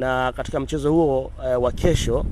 na katika mchezo huo e, wa kesho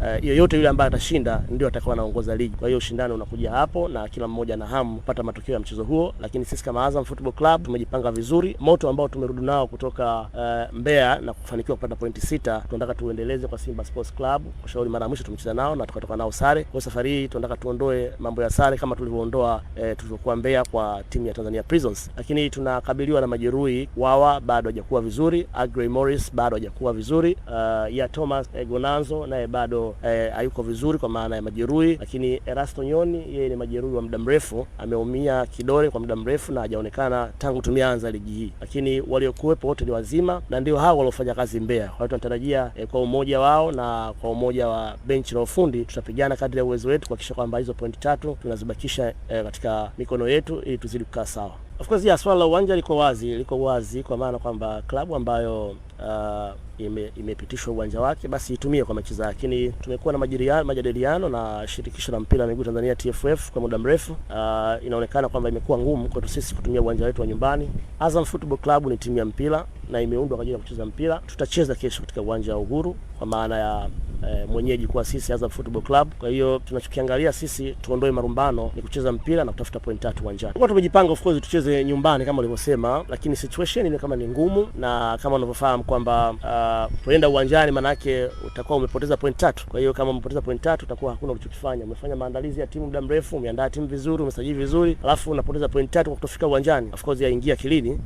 Uh, yoyote yule ambaye atashinda ndio atakawa anaongoza ligi. Kwa hiyo ushindani unakuja hapo na kila mmoja na hamu kupata matokeo ya mchezo huo, lakini sisi kama Azam Football Club tumejipanga vizuri. Moto ambao tumerudi nao kutoka uh, Mbeya na kufanikiwa kupata pointi sita, tunataka tuendeleze kwa Simba Sports Club. Kwa mara ya mwisho tumecheza nao na tukatoka nao sare. Kwa safari hii tunataka tuondoe mambo ya sare kama tulivyoondoa eh, tulivyokuwa Mbeya kwa timu ya Tanzania Prisons, lakini tunakabiliwa na majeruhi. Wawa bado hajakuwa vizuri, Agrey Morris bado hajakuwa vizuri, uh, ya Thomas eh, Gonanzo naye bado hayuko eh, e, hayuko vizuri kwa maana ya majeruhi, lakini Erasto Nyoni yeye ni majeruhi wa muda mrefu, ameumia kidole kwa muda mrefu na hajaonekana tangu tumeanza ligi hii, lakini waliokuwepo wote ni wazima na ndio hao waliofanya kazi Mbeya. Kwa hiyo tunatarajia e, kwa umoja wao na kwa umoja wa benchi la ufundi tutapigana kadri ya uwezo wetu kuhakikisha kwamba hizo pointi tatu tunazibakisha e, katika mikono yetu ili tuzidi kukaa sawa. Of course ya swala la uwanja liko wazi, liko wazi kwa maana kwamba klabu ambayo uh, imepitishwa ime uwanja wake basi itumie kwa mechi zake, lakini tumekuwa na majadiliano na shirikisho la mpira wa miguu Tanzania TFF kwa muda mrefu. Uh, inaonekana kwamba imekuwa ngumu kwetu sisi kutumia uwanja wetu wa nyumbani. Azam Football Club ni timu ya mpira na imeundwa kwa ajili ya kucheza mpira. Tutacheza kesho katika uwanja wa Uhuru kwa maana ya e, mwenyeji kuwa sisi Azam Football Club. Kwa hiyo tunachokiangalia sisi tuondoe marumbano, ni kucheza mpira na kutafuta point tatu uwanjani. Kwa tumejipanga of course tucheze nyumbani kama ulivyosema, lakini situation ile kama ni ngumu, na kama unavyofahamu kwamba uh, uwanjani, maana yake utakuwa umepoteza point tatu. Kwa hiyo kama umepoteza point tatu utakuwa hakuna ulichokifanya. Umefanya maandalizi ya timu muda mrefu, umeandaa timu vizuri, umesajili vizuri, alafu unapoteza point tatu kwa kutofika uwanjani, of course yaingia kilini.